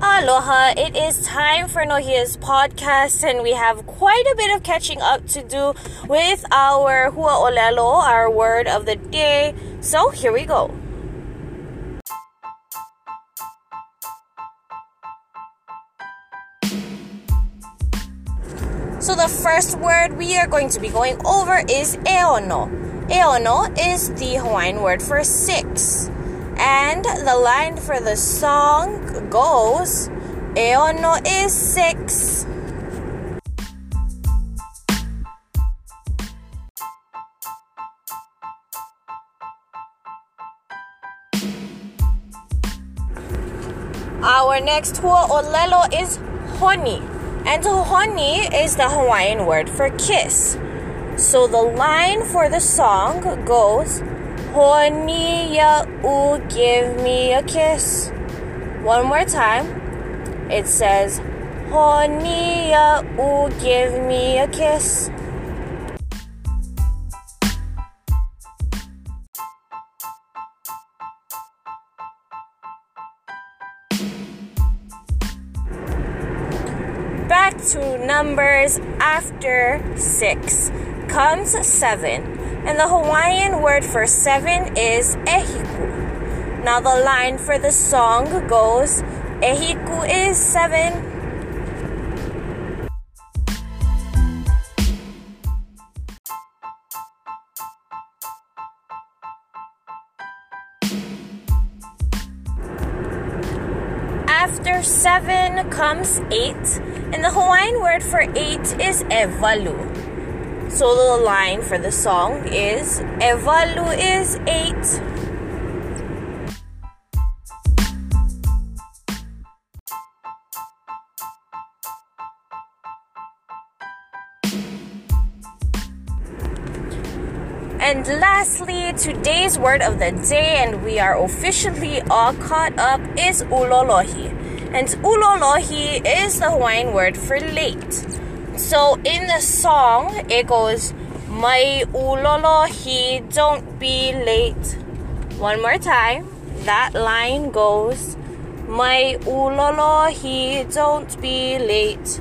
Aloha, it is time for Nohia's podcast, and we have quite a bit of catching up to do with our Huaolelo, our word of the day. So here we go. So the first word we are going to be going over is eono. Eono is the Hawaiian word for six. And the line for the song goes Eono is six. Our next huo olelo is honi, And honi is the Hawaiian word for kiss. So the line for the song goes Juanilla, ooh, give me a kiss. One more time. It says, Juanilla, ooh, give me a kiss. Back to numbers after six comes seven. And the Hawaiian word for seven is ehiku. Now, the line for the song goes ehiku is seven. After seven comes eight, and the Hawaiian word for eight is evalu solo line for the song is Eva is 8. And lastly, today's word of the day, and we are officially all caught up, is ulolohi. And ulolohi is the Hawaiian word for late. So in the song, it goes, My ulolo, he don't be late. One more time. That line goes, My ulolo, he don't be late.